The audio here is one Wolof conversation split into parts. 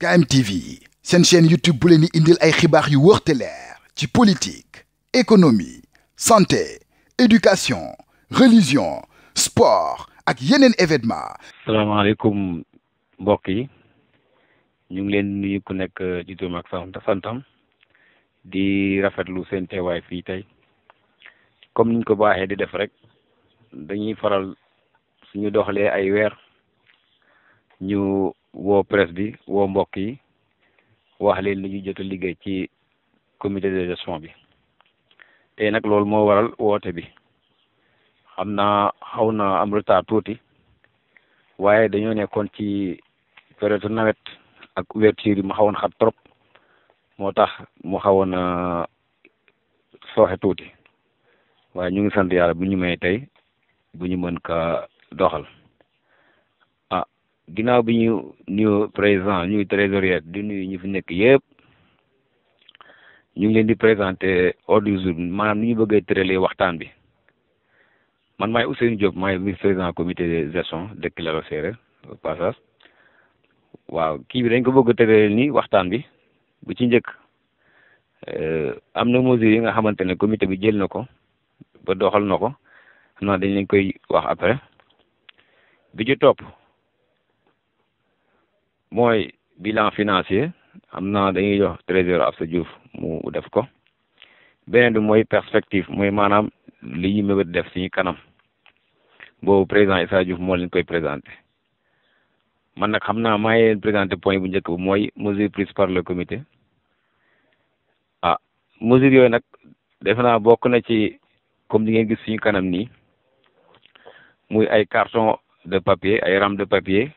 KMTV une chaîne YouTube bu leen di indil ay xibaar yu wërté lèr ci politique économie santé éducation religion sport ak yeneen événement salaamaaleykum mbokk yi ñu ngi leen nuyu ku nekk euh, di turam ak santam di rafetlu seen teewaay fi tay. comme niñ ko baaxee di def rek dañuy faral suñu doxlé ay weer ñu woo presse bi woo mbokk yi wax leen li ñu liggéey ci comité de gestion bi tey nag loolu moo waral woote bi xam naa xaw na am retard tuuti waaye dañoo nekkoon ci période nawet ak ouverture yi mu xawoon xat trop moo tax mu xawoon sooxe tuuti waaye ñu ngi sant yàlla bu ñu may tey bu ñu mën ka doxal ginnaaw bi ñu nuyu président ñuy trésorier di nuyu ñu fi nekk yëpp ñu ngi leen di présenté ordre du jour maanaam ni ñu bëggee tëralee waxtaan bi man maay Ousseynou Diop maay vice président comité de gestion de Clero Sérère au passage waaw kii bi dañ ko bëgg a tëralee nii waxtaan bi bu ci njëkk euh, am na mesures yi nga xamante ne comité bi jël na ko ba doxal na ko xam naa dañ leen koy wax après bi ci topp. mooy billant financier am naa dañuy jox trésor Absa Diouf mu def ko beneen bi mooy perspective mooy maanaam li ñu mébét def suñu kanam boobu président Issa Diouf moo leen koy présenté man nag xam naa maa ngi leen point bu njëkk bi mooy mesure prise par le comité ah mesure yooyu nag defe naa bokk na ci comme di ngeen gis suñu kanam nii muy ay carton de papier ay rame de papier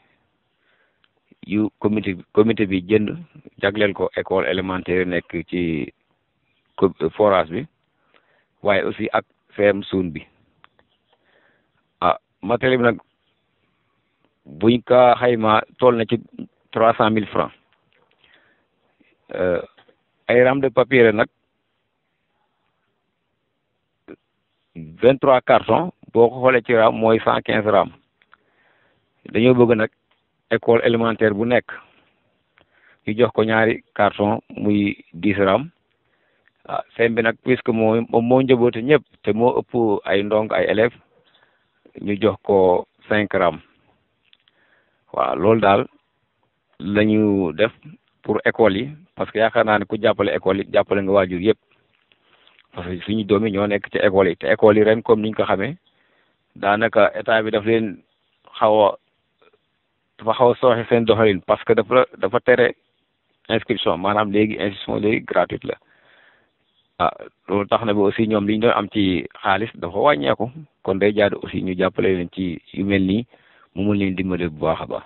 yu comité comité bi jënd jagleel ko école élémentaire nekk ci forage bi waaye aussi ak feem suun bi ah matériel bi nag buñ ka xayma tool na ci trois cent mille francs euh, ay rame de papier nag vingt trois cartons boo ko xoolee ci raam mooy cent quinze raam dañoo bëgg nag école élémentaire bu nekk ñu jox ko ñaari carton muy dix ram ah sëñ bi nag puisque moo moo njaboote ñëpp te moo ëpp ay ndong ay élèves ñu jox ko cinq ram waaw loolu daal la def pour école yi parce que yaakaar naa ne ku jàppale école yi jàppale nga waajur yëpp parce que suñu doom yi ñoo nekk ci école yi te école yi ren comme niñ ko xamee daanaka état bi daf leen dafa xaw a sooxe seen doxalin parce que dafa dafa tere inscription maanaam léegi inscription léegi gratuite la ah loolu tax na bi aussi ñoom li ñu doon am ci xaalis dafa wàññeeku kon day jaadu aussi ñu jàppale leen ci yu mel nii mu mun leen dimbale bu baax a baax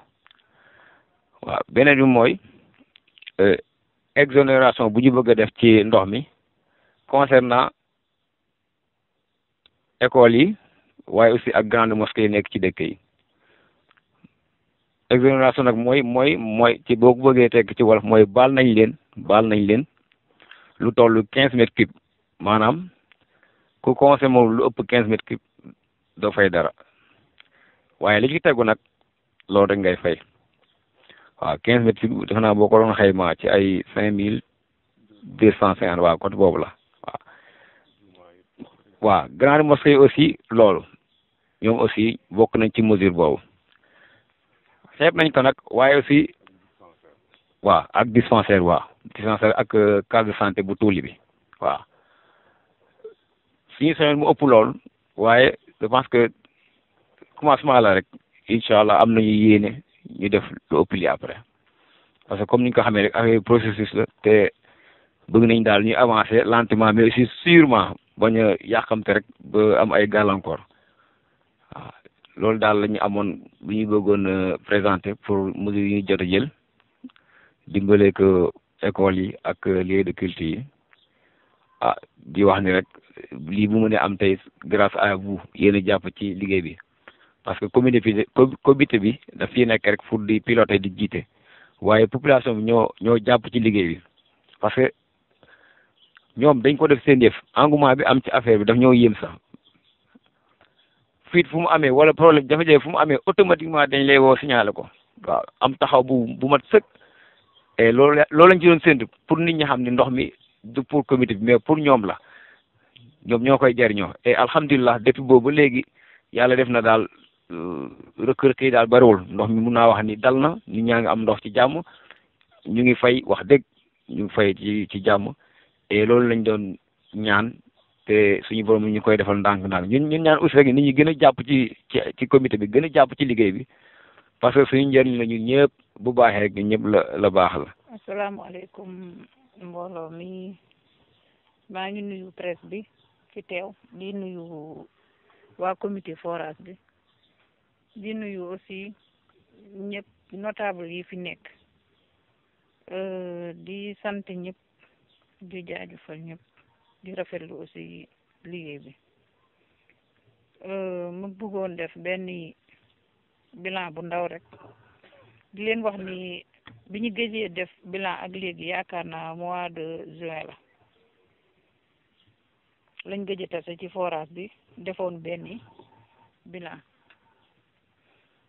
waaw beneen bi mooy euh, exonération bu ñu bëgg a def ci ndox mi concernant école yi waaye aussi ak grande mosquée yi nekk ci dëkk yi exonération nag mooy mooy mooy ci boo ko bëggee tekk ci wolof mooy baal nañ leen baal nañ leen lu toll quinze mètres cube maanaam ku consommé lu ëpp quinze mètres cube doo fay dara waaye li ci tegu nag loolu rek ngay fay waaw quinze mètres cube defe naa boo ko doon xaymaa ci ay cinq mille deux cent cinquante waaw côté boobu la waaw waaw grande mosquée aussi loolu ñoom aussi bokk nañ ci mesure boobu xeeb nañ ko nag waaye aussi waaw ak dispensaire waa dispensaire ak euh, case de santé bu tuuli bi waaw suñu semaine mu ëpp lool waaye je pense que commencement la rek incha allah am nañu yéene ñu def lu ëpp li après parce que comme ni ñu ko xamee rek affaire processus la te bëgg nañ daal ñu avancer lentement mais aussi sûrement bañ a rek ba am ay gàllankoor loolu daal la ñu amoon lu ñu bëggoon euh, présenter pour mesures yi ñu jot a jël dimbale ko écoles yi ak euh, lieu de culte yi ah di wax ni rek lii bu mënee am tey grâce à vous yéen jàpp ci liggéey bi parce que comité bi comité bi daf fi nekk rek pour di piloter di jiite waaye population bi ñoo ñoo jàpp ci liggéey bi parce que ñoom dañ ko def seen yëf engouement bi am ci affaire bi daf ñoo yéem sax fuite fu mu amee wala problème jafe-jafe fu mu amee automatiquement dañ lay woo signaler ko waaw am taxaw bu bu mat sëkk et loolu loolu lañ ci doon séntu pour nit ñi xam ne ndox mi du pour comité bi mais pour ñoom la ñoom ñoo koy jariñoo et alhamdulilah depuis boobu léegi yàlla def na daal euh, rëkk-rëkk yi daal bariwul ndox mi mun naa wax ni dal na nit ñaa ngi am ndox ci jàmm ñu ngi fay wax dëgg ñu ngi fay ci ci jàmm loolu lañ doon ñaan te suñu borom ñu koy defal ndànk-ndànk ñun ñun ñaan aussi nit ñi gën a jàpp ci ci comité bi gën a jàpp ci liggéey bi parce que suñu njëriñ la ñun bu baaxee rek ñun ñëpp la la baax la. asalaamaaleykum mbooloo mi maa ngi nuyu presse bi fi teew di nuyu waa comité forage bi di nuyu aussi ñëpp notable yi fi nekk euh, di sant ñëpp di jaajëfal ñëpp. di rafetlu aussi liggéey bi euh, mu buggoon def benn bilan bu ndaw rek di leen wax ni bi ñu gëjee def bilan ak léegi yaakaar naa mois de juin la lañ gëj a tase ci forage bi defoon benn bilan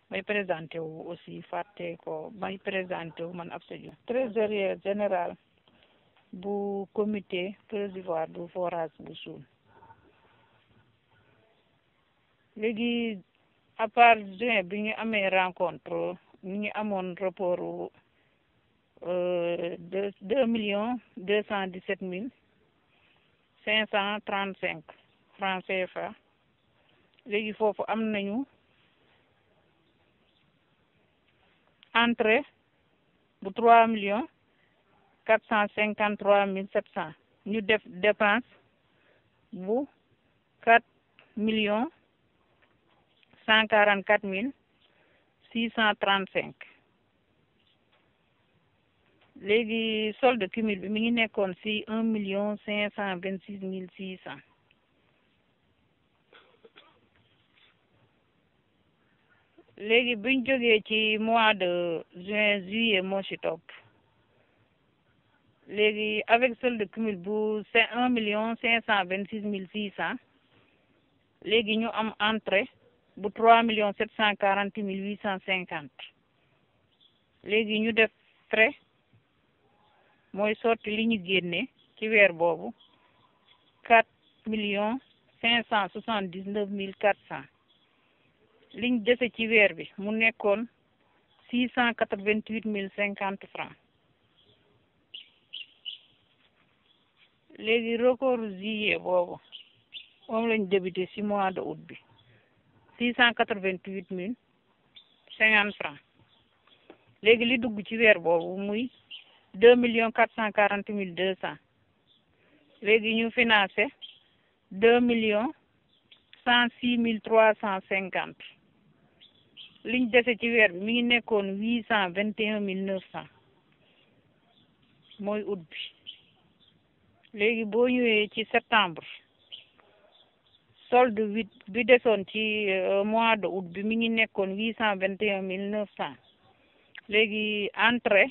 may présenté wu aussi fàtte ko may présenté wu man ab trésorier général du comité prévisoire du forage du sud. Le à part juin, il y a eu une rencontre, il y eu un rapport de 2,217,535 535 francs CFA. Le il faut que nous entrée de 3 millions quatre cent cinquante trois mille sept cent ñu def dépense bu quatre millions cent quarante quatre mille six cent trente cinq léegi solde cumul bi mi ngi nekkoon ci un million cinq cent vingt six mille six cent léegi buñ jógee ci mois de juin juillet moo ci topp léegi avec solde de cumul bu c'est un million cinq cent vingt six mille six cent léegi ñu am entrée bu trois million sept cent quarante mille huit cent cinquante léegi ñu def frais mooy sorti li ñu génne ci weer boobu quatre millions cinq cent soixante dix neuf mille quatre cent liñ dese ci weer bi mu nekkoon six cent quatre vingt huit mille cinquante francs léegi record juillet boobu moom lañ débuté ci mois de août bi six cent quatre-vingt-huit mille cinquante francs léegi li dugg ci weer boobu muy deux millions quatre cent quarante mille deux cent léegi ñu financé deux millions cent six mille trois cent cinquante liñ dese ci weer bi mi ngi nekkoon huit cent vingt et un mille neuf cent mooy août bi léegi boo ñëwee ci septembre solde bi bi desoon ci euh, mois de août bi mi ngi nekkoon huit cent vingt et un mille neuf cent léegi entrée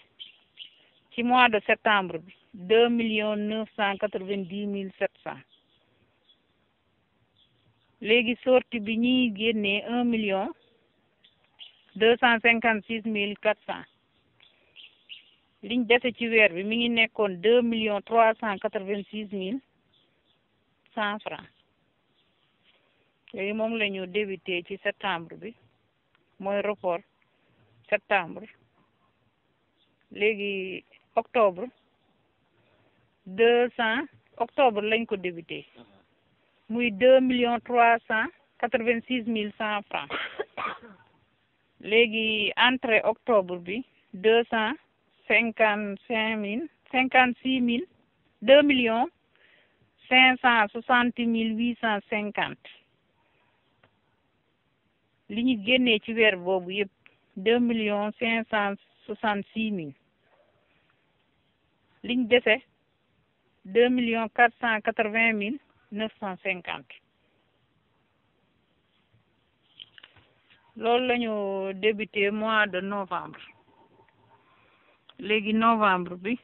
ci mois de septembre bi deux millions neuf cent quatre vingt dix mille sept cent léegi sortie bi ñuy génnee un million deux cent cinquante six mille quatre cent liñ dese ci weer bi mi ngi nekkoon deux millions trois cent quatre vingt six mille cent francs léegi moom la ñu débuté ci septembre bi mooy report septembre léegi octobre deux cent octobre lañ ko débuté muy deux millions trois cent quatre vingt six mille cent francs léegi entrée octobre bi deux cent cinquante cinq mille cinquante six mille deux millions cinq cent soixante mille huit cent cinquante li ñu génnee ci weer boobu yëpp deux millions cinq cent soixante six mille li ñu dese deux millions quatre cent quatre vingt mille neuf cent cinquante loolu la ñu débuté mois de novembre léegi novembre bi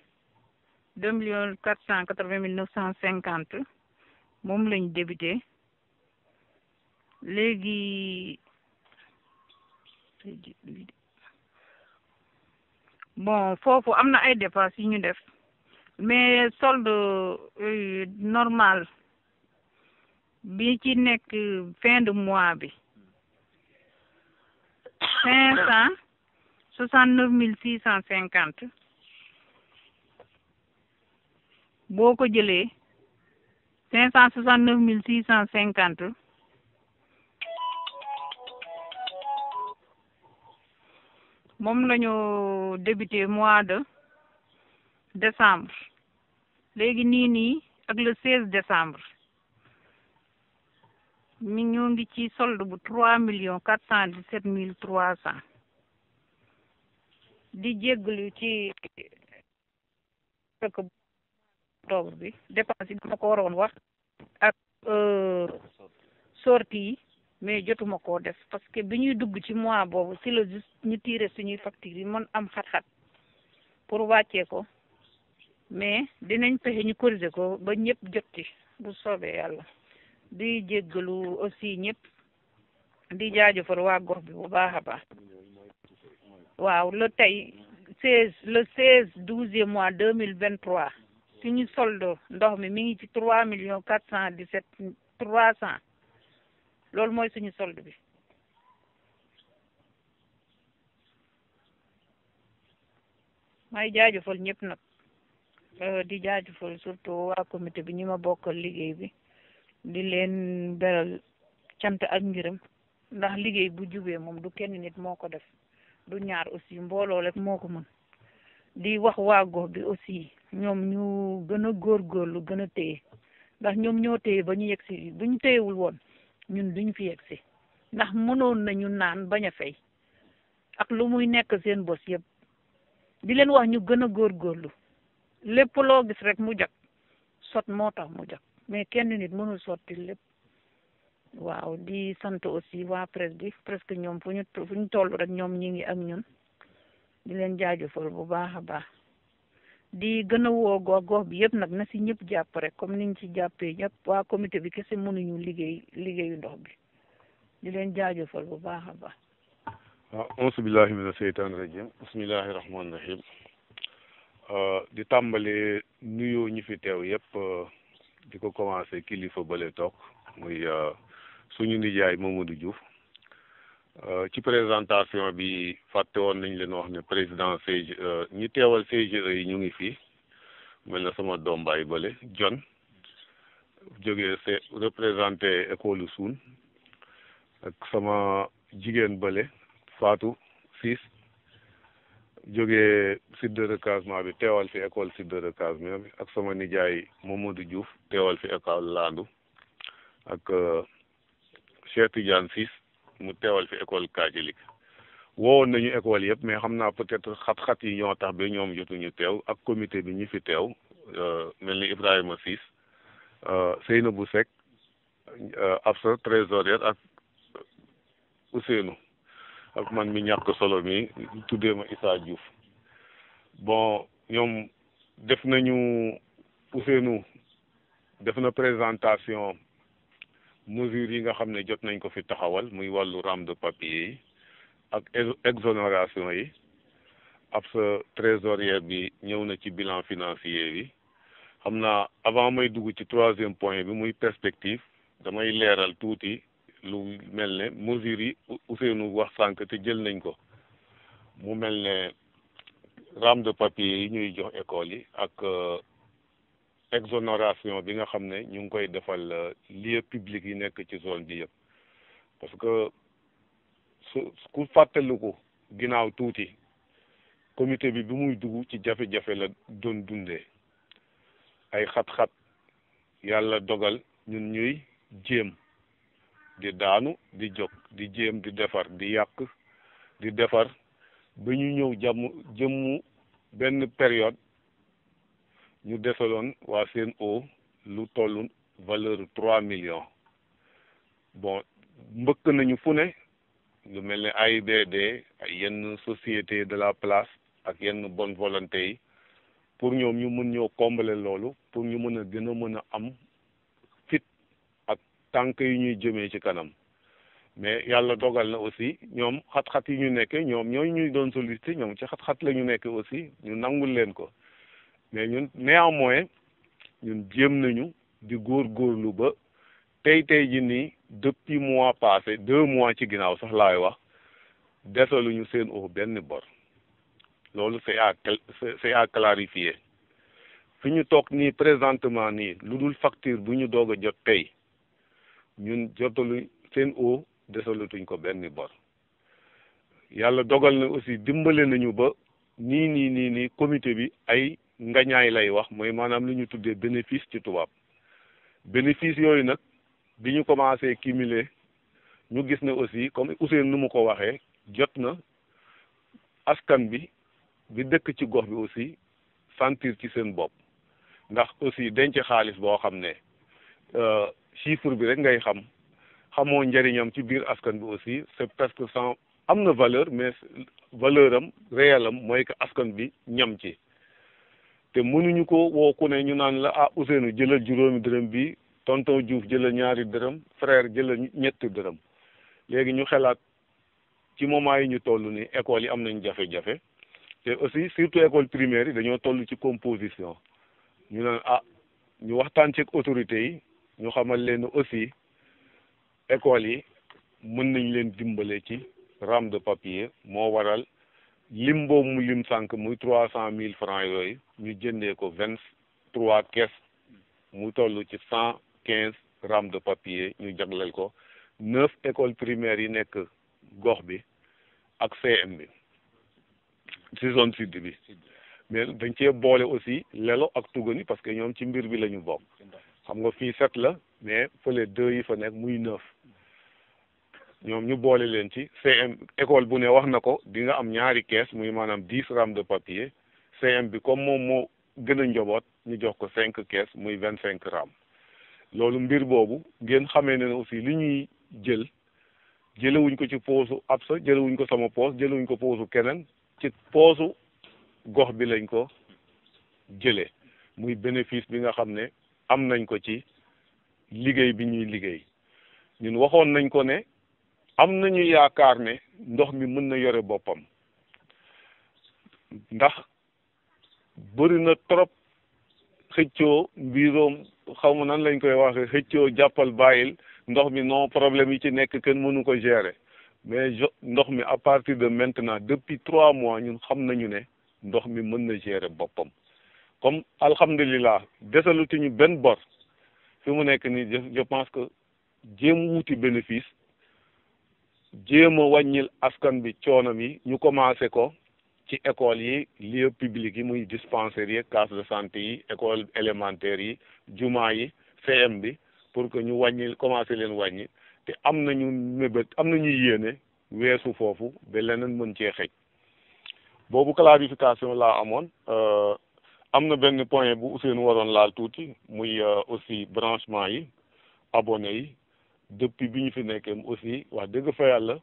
deux millions quatre cent quatre vingt mille neuf cent cinquante moom lañ débuté léegi bon foofu am na ay dépenses yu ñu def mais sold euh, normal bi ci nekk fin de mois bi cinq cent soixante-neuf mille six cent cinquante boo ko jëlee cinq cent neuf mille six cent cinquante moom la ñu débuté mois de décembre léegi nii nii ak le seize décembre mi ñoo ngi ci solde bu trois millions quatre cent dix-sept mille di jégglu ci fekk octobre bi dépense yi dama ko waroon wax ak euh, sortie yi mais jotuma koo def parce que bi ñuy dugg ci mois boobu si la juste ñu tiré suñuy facture yi mën am xat-xat pour wàccee ko mais dinañ pexe ñu corriger ko ba ñëpp jot ci bu soobee yàlla di jéggalu aussi ñëpp di jaajëfal waa gox bi bu baax a baax waaw le tey seize le seize douzième mois deux mille vingt trois suñu solde ndox mi mi ngi ci trois million quatre cent dix sept trois cent loolu mooy suñu sold bi may jaajëfal ñëpp nag euh, di jaajëfal surtout waa comité bi ñi ma bokkal liggéey bi di leen beral cant ak ngërëm ndax liggéey bu jubee moom du kenn nit moo ko def du ñaar aussi mbooloo rek moo ko mën di wax waa gox bi aussi ñoom ñu gën a góor góorlu gën a téye ndax ñoom ñoo téye ba ñu yegg si ñu téyewul woon ñun ñu fi yegg si ndax mënoon nañu naan bañ a fay ak lu muy nekk seen bos yëpp di leen wax ñu gën a góor góorlu lépp loo gis rek mu jag sot moo tax mu jag mais kenn nit mënul sotti lépp. waaw di sant aussi waa presse bi presque ñoom fu ñu fu ñu toll rek ñoom ñi ngi ak ñun di leen jaajëfal bu baax a baax di gën a woo gox bi yëpp nag na si ñëpp jàpp rek comme niñ ci jàppee ñëpp waa comité bi kese mënuñu liggéey liggéeyu ndox bi di leen jaajëfal bu baax a baax. waaw auzu billahi mina seytaani rajim bismillahi rahmaani rahim euh, di tàmbale nuyoo ñi fi teew yëpp euh, di ko commencé kilifa bële toog muy euh, suñu nijaay Mamadou Diouf euh, ci présentation bi fàtte woon nañ leen wax ne président CGE euh, ñi teewal CGE euh, yi ñu ngi fii mel na sama doom baay bële jon jógee se représenté école suun ak sama jigéen bële Fatou Ciss jógee si de recasement bi teewal fi école si de recasement bi ak sama nijaay Mamadou Diouf teewal fi école Landu ak Cheikh Tidiane Ciss mu teewal fi école catholique woowoon nañu école yëpp mais xam naa peut-être xat-xat yi ñoo tax ba ñoom jotuñu teew ak comité bi ñu fi teew euh, mel ni Ibrahima Ciss euh, Seynabou Seck euh, Absa trésorière ak Ousseynou ak man mi ñàkk solo bi tuddee ma Issa Diouf bon ñoom def nañu Ousseynou def na présentation mesures yi nga xam ne jot nañ ko fi taxawal muy wàllu rame de papier yi ak exonération yi ab sa trésorier bi ñëw na ci bilan financier bi xam naa avant may dugg ci troisième point bi muy perspective damay leeral tuuti lu mel ne mesures yi Ousseynou wax sànq te jël nañ ko mu mel ne rame de papier yi ñuy jox école yi ak euh, exonération bi nga xam ne ñu ngi koy defal euh, lieu public yi nekk ci zone bi yëpp parce que su ku fàttaliku ginnaaw tuuti comité bi bi muy dugg ci jafe-jafe la doon dundee ay xat-xat yàlla dogal ñun ñuy jéem di daanu di jóg di jéem di defar di yàq di defar ba ñu ñëw jàmm jëmmu benn période ñu desaloon waa seen CNO lu tollu valeur trois millions bon mbëkk nañu fu ne lu mel ne AIBD ay yenn société de la place ak yenn bonne volonté yi pour ñoom ñu mën ñoo combler loolu pour ñu mën a gën a mën a am fit ak tànk yi ñuy jëmee ci kanam mais yàlla dogal na aussi ñoom xat-xat yi ñu nekke ñoom ñooñu ñuy doon sollicité ñoom ci xat-xat la ñu nekkee aussi ñu nangul leen ko mais ñun néanmoins ñun jéem nañu di góor góorlu ba tey tey ji nii depuis mois passé deux mois ci ginnaaw sax laay wax desaluñu seen o benn bor loolu c'est à clarifier fi ñu toog nii présentement nii lu dul facture bu ñu doog a jot tey ñun jotalu seen o desalatuñ ko benn bor yàlla dogal na aussi dimbale nañu ba nii nii nii nii comité bi ay ngañaay lay wax mooy maanaam lu ñu tuddee bénéfice ci tubaab bénéfice yooyu nag bi ñu commencé cumuler ñu gis ne aussi comme Ousseynou nu mu ko waxee jot na askan bi bi dëkk ci gox bi aussi sentir ci seen bopp ndax aussi denc xaalis boo xam ne euh, chiffre bi rek ngay xam xamoo njëriñam ci biir askan bi aussi c'est presque sans am na valeur mais valeur am réel mooy que askan bi ñam ci te mënuñu ko woo ne ñu naan la ah Ousseynou jëlal juróomi dërëm bi tonton Diouf jëlal ñaari dërëm frère jëlal ñetti dërëm léegi ñu xalaat ci moment yi ñu toll ni école yi am nañu jafe-jafe te aussi surtout école primaire yi dañoo toll ci composition ñu naan ah ñu waxtaan ci autorités yi ñu xamal leen aussi école yi mën nañ leen dimbale ci rame de papier moo waral lim boobu mu lim sànq muy trois cent mille francs yooyu ñu jëndee ko vingt trois kes mu toll ci cent quinze rames de papier ñu jagleel ko neuf école primaires yi nekk gox bi ak CM bi ci zone sud bi mais dañ cee boole aussi lelo ak tugani parce que ñoom ci mbir bi la ñu bokk xam nga fii sept la mais fële deux yi fa nekk muy neuf ñoom ñu boole leen ci CM école bu ne wax na ko di am ñaari kees muy maanaam dix rames de papier CM bi comme moom moo gën a njaboot ñu jox ko cinq caisse muy vingt cinq raam loolu mbir boobu ngeen xamee ne aussi li ñuy jël jëlewuñ ko ci poosu absa jëlewuñ ko sama poos jëlewuñ ko poosu keneen ci poosu gox bi lañ ko jëlee muy bénéfice bi nga xam ne am nañ ko ci liggéey bi ñuy liggéey ñun waxoon nañ ko ne am nañu yaakaar ne ndox mi mën na yore boppam ndax bëri na trop xëccoo mbiroom xaw ma nan lañ koy waxee xëccoo jàppal bàyyil ndox mi non problème yi ci nekk kenn mënu ko gérer mais ndox mi à partir de maintenant depuis trois mois ñun xam nañu ne ndox mi mën na gérer boppam comme alhamdulilah desalatuñu benn bor fi mu nekk nii je pense que jéem wuti bénéfice jéem a wàññil askan bi coonam yi ñu commencé ko ci école yi lieu public yi muy dispensaires yi case de santé yi école élémentaire yi juma yi CM bi pour que ñu wàññi commencé leen wàññi te am nañu mébét am na nañuy yéene weesu foofu ba leneen mën cee xëj boobu clarification laa amoon euh, am na benn point bu Ousseynou waroon laal tuuti muy euh, aussi branchement yi abonné yi depuis bi ñu fi nekkee aussi wax dëgg fa yàlla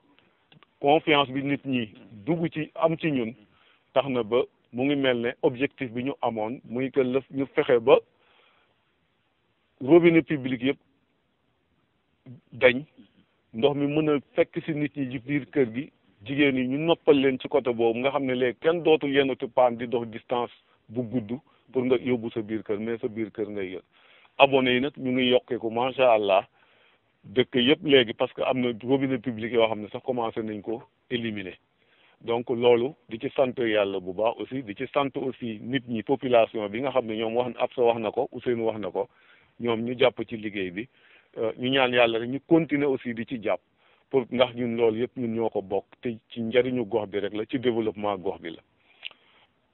confiance bi nit ñi dugg ci am ci ñun tax na ba mu ngi mel ne objectif bi ñu amoon muy que lëf ñu fexe ba robinet public yëpp dañ ndox mi mën a fekk si nit ñi ci biir kër gi jigéen yi ñu noppal leen ci côté boobu nga xam ne léegi kenn dootul yennati paan di dox distance bu gudd pour nga yóbbu sa biir kër mais sa biir kër ngay yër abonné yi nag ñu ngi yokkeeku macha allah dëkk yëpp léegi parce que am na robinet public yoo xam ne sax commencé nañ ko éliminer donc loolu di ci sant yàlla bu baax aussi di ci sant aussi nit ñi population bi nga xam ne ñoom wax sa wax na ko Ousseynou wax na ko ñoom ñu jàpp ci liggéey bi euh, ñu ñaan yàlla rek ñu continuer aussi di ci jàpp pour ndax ñun loolu yëpp ñun ñoo ko bokk te ci njariñu gox bi rek la ci développement gox bi la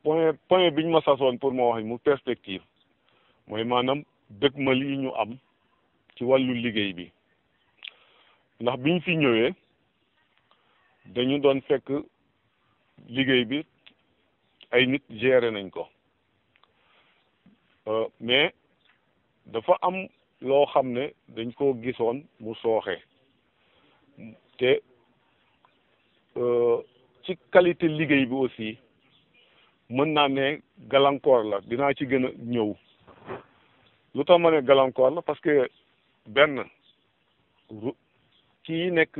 point point bi ñu ma sasoon pour moo wax mu perspective mooy maanaam ma yi ñu am ci wàllu liggéey bi ndax biñ fi ñëwee dañu doon fekk liggéey bi ay nit géré nañ ko euh, mais dafa am loo xam ne dañ koo gisoon mu sooxe te euh, ci qualité liggéey bi aussi mën naa ne gàllankoor la dinaa ci gën a ñëw lu tax ma ne gàllankoor la parce que benn ru kii nekk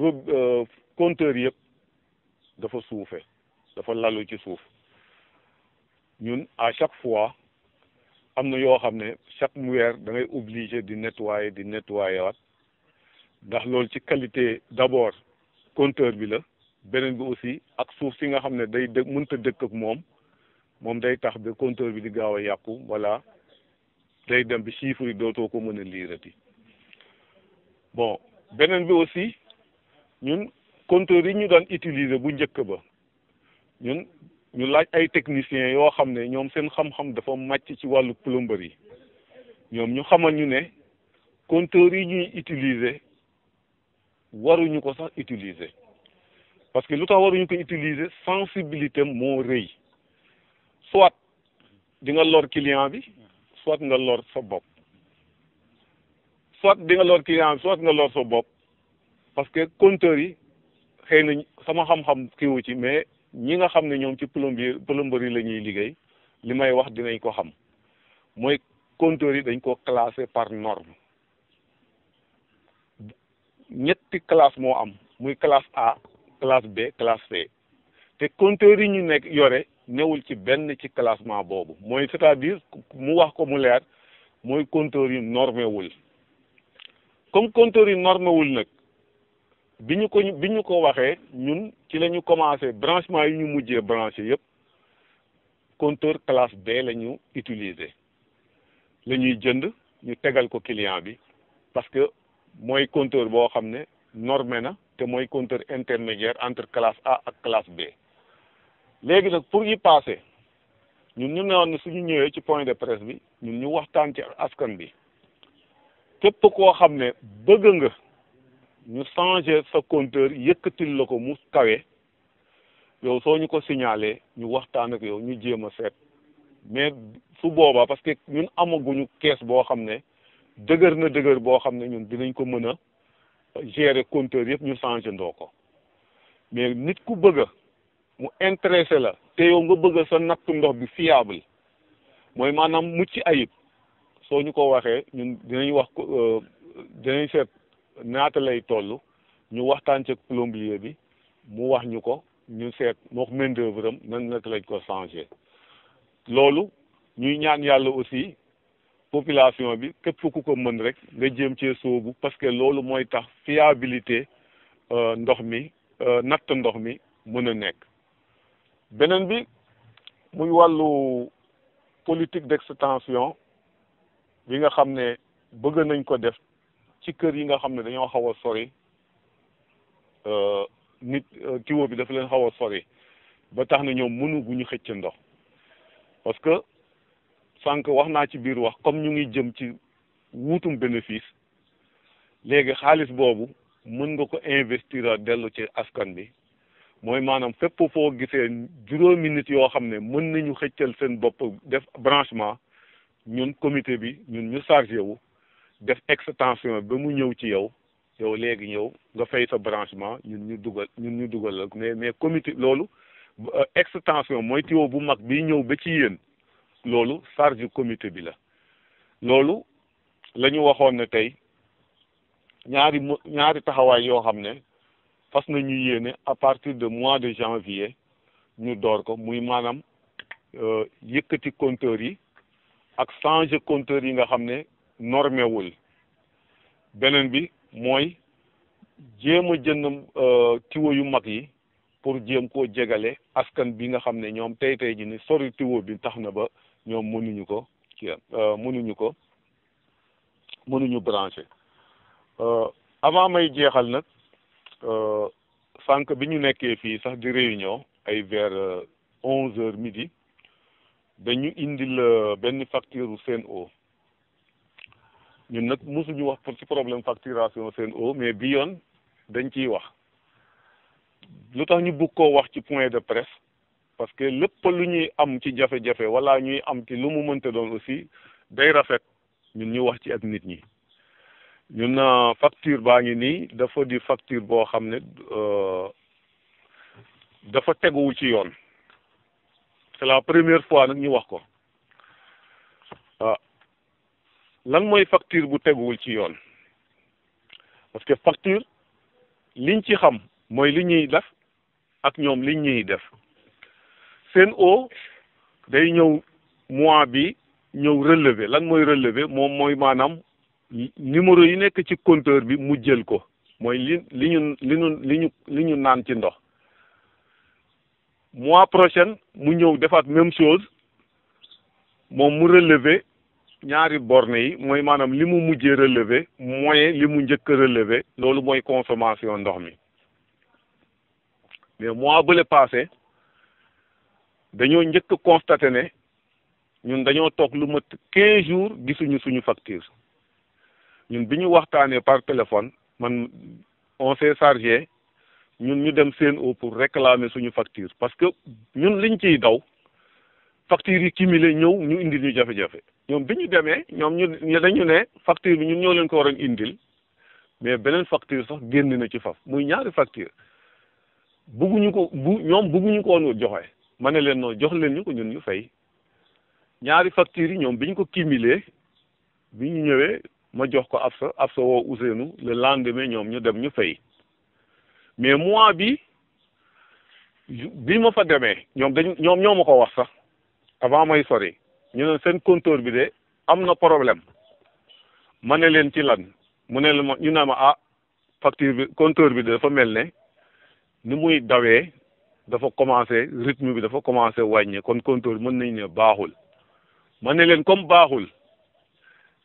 ru euh, compteur yëpp dafa suufe dafa lalu ci suuf ñun à chaque fois am na yoo xam ne chaque weer da ngay obligé di nettoyer di nettoyer waat ndax loolu ci qualité d'abord compteur bi la beneen bi aussi ak suuf si nga xam ne day dë mënta dëkk ak moom moom day tax ba compteur bi di gaaw a yàqu wala day dem bi chiffre yi dootoo ko mën a liirati bon beneen bi aussi ñun compteur yi ñu daan utiliser bu njëkk ba ñun ñu laaj ay techniciens yoo xam ne ñoom seen xam-xam dafa màcc ci wàllu plomberie yi ñoom ñu xamal ñu ne compteur yi ñuy utiliser waruñu ko sax utiliser parce que lu tax waruñu ko utiliser sensibilité moo rëy soit dinga nga lor client bi soit nga lor sa bopp soit dinga nga lor client bi soit nga lor sa bopp parce que yi xëy na sama xam-xam kiiwu ci mais ñi nga xam ne ñoom ci plombier plomberie la ñuy liggéey li may wax dinañ ko xam mooy compteur yi dañ ko classé par norme ñetti classe moo am muy classe A classe B classe C te compteur yi ñu nekk yore newul ci benn ci classement boobu mooy cest à mu wax ko mu leer mooy compteur yi normé wul comme compteur yi normé wul nag bi ñu ko bi ñu ko waxee ñun ci la ñu commencé branchement yi ñu mujjee branché yëpp compteur classe B la ñu utiliser la jënd ñu tegal ko client bi parce que mooy compteur boo xam ne normé na te mooy compteur intermédiaire entre classe A ak classe B léegi nag pour yi passé ñun ñu ne suñu ñëwee ci point de presse bi ñun ñu waxtaan ci askan bi képp koo xam ne bëgg nga ñu changé sa compteur yëkkatil la ko mu kawe yow soo ñu ko signalé ñu waxtaan ak yow ñu jéem a seet mais su boobaa parce que ñun amaguñu kees boo xam ne dëgër na dëgër boo xam ne ñun dinañ ko mën a gérer compteur yëpp ñu changé ndoo ko mais nit ku bëgg mu intéressé la te yow nga bëgg sa nattu ndox bi fiable mooy maanaam mucc ayib soo ñu ko waxee ñun dinañ wax euh, dinañ seet naata lay toll ñu waxtaan ci plombier bi mu wax ñu ko ñu seet moo ko main d'œuvre am nan naka lañ ko changé loolu ñuy ñaan yàlla aussi population bi képp ku ko mën rek nga jéem cee sóobu parce que loolu mooy tax fiabilité euh, ndox mi euh, natt ndox mi mën a nekk beneen bi muy wàllu politique d'extension bi nga xam ne bëgg nañ ko def ci kër yi nga xam ne dañoo xaw a sori euh, nit tiwo euh, bi dafa leen xaw a sori ba tax na ñoom mënu gu xëcc ndox parce que sànq wax naa ci biir wax comme ñu ngi jëm ci wuutum bénéfice léegi xaalis boobu mën nga ko investir dellu ci askan bi mooy maanaam fépp foo gisee juróomi nit yoo xam ne mën nañu xëccal seen bopp def branchement ñun comité bi ñun ñu chargé wu def extension ba mu ñëw ci yow yow léegi ñëw nga fay sa branchement ñun ñu dugal ñun ñu dugal la mais mais comité loolu euh, extension mooy tuyau bu mag bi ñëw ba ci yéen loolu charge comité bi la loolu la ñu waxoon ne tey ñaari ñaari taxawaay yoo xam ne fas na ñu yéene à partir de mois de janvier ñu door ko muy maanaam euh, yëkkati compteur yi ak changer compteur yi nga xam ne normé wul beneen bi mooy jéem a jënd euh, tiwo yu mag yi pour jéem koo jegale askan bi nga xam ne ñoom tey tey ji ni sori tiwo bi tax na ba ñoom mënuñu ko ci euh, mënuñu ko mënuñu branché euh, avant may jeexal nag sànq bi ñu nekkee fii sax di réunion ay vers onze heures midi dañu indi indil benn facture u Sen'Eau ñun nag mosuñu wax pour ci problème facturation seen eau mais bi yoon dañ ciy wax lu tax ñu bugg koo wax ci point de presse parce que lépp lu ñuy am ci jafe-jafe wala ñuy am ci lu mu mënta doon aussi day rafet ñun ñu wax ci ak nit ñi ñun na euh, facture baa ngi nii dafa di facture boo xam ne euh, dafa teguwul ci yoon c'est la première fois nag ñu wax ko lan mooy facture bu teguwul ci yoon parce que facture liñ ci xam mooy li ñuy def ak ñoom liñ ñuy def seen o day ñëw mois bi ñëw relevé lan mooy relevé moom mooy maanaam numéro yi nekk ci compteur bi mu jël ko mooy li li ñu li ñu li ñu li ñu naan ci ndox mois prochain mu ñëw defaat même chose moom mu relevé ñaari borne yi mooy maanaam li mu mujjee relevé moyen li mu njëkk relever loolu mooy consommation ndox mi mais mois bële passé dañoo njëkk constaté ne ñun dañoo toog lu mat quinze jours gisuñu suñu facture ñun bi ñu waxtaanee par téléphone man on s'est chargé ñun ñu dem seen pour réclamer suñu facture parce que ñun liñ ciy daw factures yi cumulé ñëw ñu indil ñu jafe-jafe ñoom bi ñu demee ñoom ñu dañu ne facture bi ñun ñoo leen ko waroon indil mais beneen facture sax génn na ci faf muy ñaari facture bugguñu ko bu ñoom bugguñu ko joxe ma ne leen noo jox leen ñu ko ñun ñu fay ñaari factures yi ñoom bi ko cumulé bi ñu ñëwee ma jox ko Absa Absa woo Ousseynou le lendemain ñoom ñu dem ñu fay mais mois bi bi ma fa demee ñoom dañu ñoom ñoo ma ko wax sax avant may sori ñu ne seen compteur bi de am na problème ma ne leen ci lan mu ne ma ñu ne ma ah facture bi compteur bi de dafa mel ne ni muy dawee dafa commencé rythme bi dafa commencé wàññi kon compteur mën nañ ne baaxul ma ne leen comme baaxul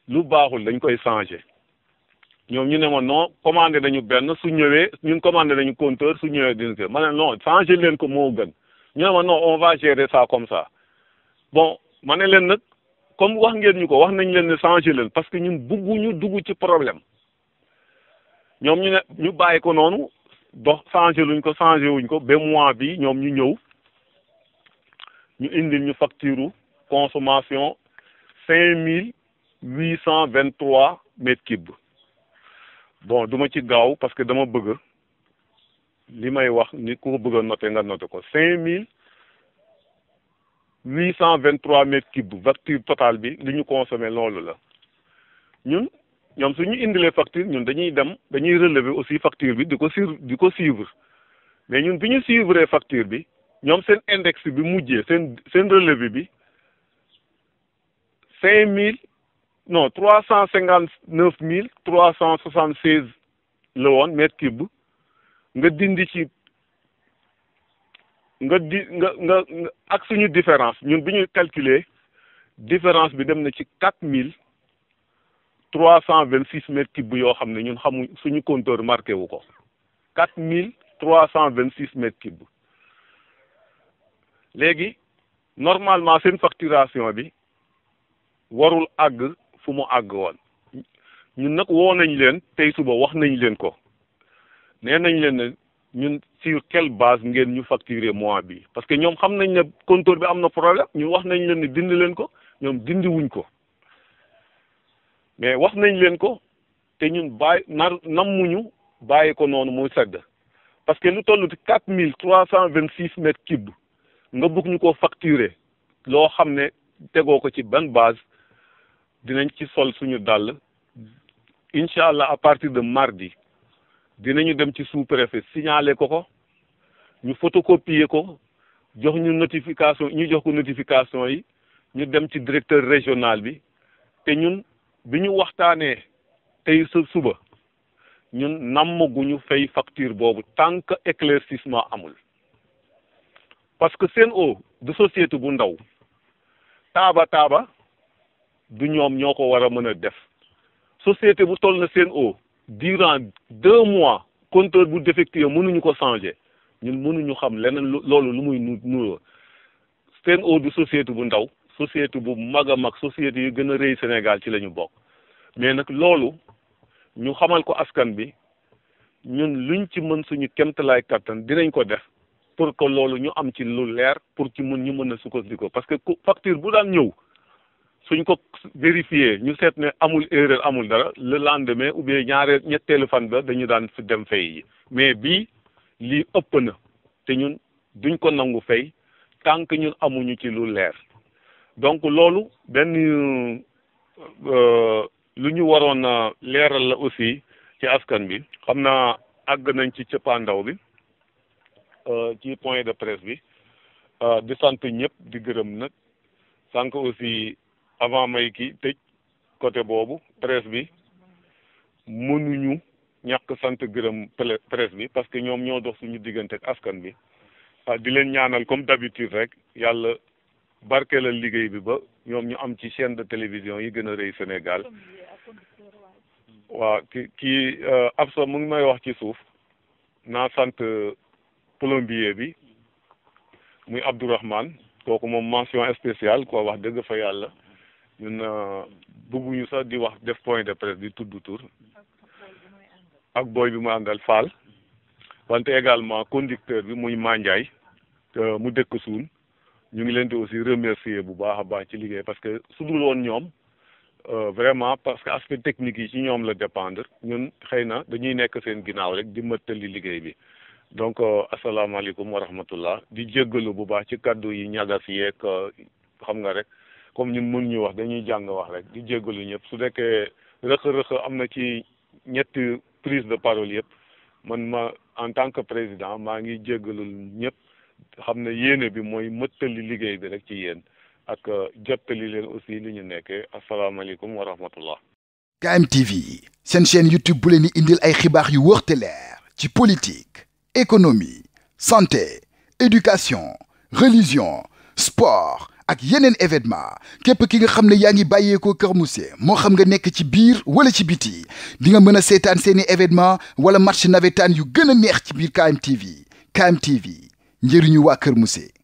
lu baaxul dañ koy changer ñoom ñu ne ma non commandé nañu benn su ñëwee ñun commandé nañu compteur su ñëwee dina ko ma ne non changé leen ko moo gën ñu ne ma non on va gérer ça comme ça bon ma ne leen nag comme wax ngeen ñu ko wax nañ leen ne changé leen parce que ñun bugguñu dugg ci problème ñoom ñu ne ñu bàyyi ko noonu dox changé luñ ko changé wuñ ko ba mois bi ñoom ñu ñëw ñu indi ñu facture consommation cinq mille huit cent vingt trois mètres cubes bon duma ci gaaw parce que dama bëgg li may wax ni ku ko bëgg a noté nga noté ko cinq mille 823 mètres cubes facture totale bi li Nous consommer nous la ñun ñom suñu indi les facture ñun dañuy dem dañuy relever aussi facture bi diko diko suivre mais nous biñu suivre facture bi ñom un index bi mujjé cest sen relevé bi 5000 non 359376 le cubes, nous avons nga dindi nga di nga nga ak suñu différence ñun bi ñu calculer différence bi dem na ci quatre mille trois cent vingt six mètres cubes yoo xam ne ñun xamuñ suñu compteur marqué wu ko quatre mille trois cent vingt six mètres cubes léegi normalement seen facturation bi warul àgg fu mu àgg woon ñun nag woo nañ leen tey suba wax nañ leen ko nee nañ leen ñun si quelle base ngeen ñu facturer mois bi parce que ñoom xam nañ ne compteur bi am na problème ñun wax nañ leen ni dindi leen ko ñoom dindi wuñ ko mais wax nañ leen ko te ñun bàyyi nar nammuñu bàyyi ko noonu muy sedd parce que lu toll ci quatre mille trois cent vingt six mètres cubes nga bëgg ñu ko facturer loo xam ne tegoo ko ci ban base dinañ ci sol suñu dàll incha allah à partir de mardi dinañu dem ci sous préfet signaler ko ko ñu photocopier ko jox ñu notification ñu jox ko notification yi ñu dem ci directeur régional bi te ñun bi ñu waxtaanee tey sa suba ñun nammaguñu fay facture boobu tant que éclaircissement amul parce que Sen'Eau du société bu ndaw taaba taaba du ñoom ñoo ko war a mën a def société bu toll na Sen'Eau durant deux mois compteur bu défectueux mënuñu ko changer ñun mënuñu xam leneen loolu lu muy nu nuyoo seen eau du bu ndaw société bu mag a mag société yu gën a rëy Sénégal ci lañu bokk mais nag loolu ñu xamal ko askan bi ñun lu luñ ci mën suñu laay kattan dinañ ko def pour que loolu ñu am ci lu leer pour ci mun ñu mën a sukkandiku parce que facture bu daan ñëw suñ ko vérifié ñu seet ne amul erreur amul dara le lendemain ou bien ñaareel ñetteelu fan ba dañu daan fi dem fay yi mais bii lii ëpp na te ñun duñ ko nangu fay tant que ñun amuñu ci lu leer donc loolu benn euh, lu ñu waroon leeral la aussi ci askan bi xam naa àgg nañ ci cëppaandaw bi euh, ci point de presse bi euh, di sant ñëpp di gërëm nag sànq aussi avant may kii tëj côté boobu presse bi mënuñu ñàkk sant gërëm presse bi parce que ñoom ñoo dox suñu diggante ak askan bi ah, di leen ñaanal comme d'habitude rek yàlla barkeelal liggéey bi ba ñoom ñu am ci chaîne de télévision yi gën a rëy Sénégal waaw ki ab euh, Absa mu ngi may wax ci suuf naa sant euh, plombier bi muy Abdourahmane kooku moom mention spéciale koo wax dëgg fa yàlla ñun euh, bëgguñu sax di wax def point de presse di tudd tur ak booy bi mu àndal Fall wante également conducteur bi muy Mandiaye mu dëkk suun ñu ngi leen di aussi remercier bu baax a baax ci liggéey parce que su dul woon ñoom euh, vraiment parce que aspect technique yi ci ñoom la dépendre ñun xëy na dañuy nekk seen ginnaaw rek di ma mëttali liggéey bi donc euh, asalaamaaleykum wa rahmatullah di jéggalu bu baax ci kaddu yi ñagas yeeg xam nga rek comme ñun mën ñu wax dañuy jàng wax rek di jéggalu ñëpp su nekkee rëq-rëq am na ci ñetti prise de parole yëpp man ma en tant que président maa ngi jéggalul ñëpp xam na yéene bi mooy mëttali liggéey bi rek ci yéen ak euh, jottali leen aussi li ñu nekkee asalaamaaleykum wa rahmatullah KMTV seen chaîne YouTube bu leen di indil ay xibaar yu wër te leer ci politique économie santé éducation religion sport ak yeneen événement képp ki nga xam ne yaa ngi bàyyeekoo Kër Mousse moo xam nga nekk ci biir wala ci biti di nga mën a seetaan seeni événement wala match navétane yu gën a neex ci biir KMTV KMTV njëriñu waa Kër Mousse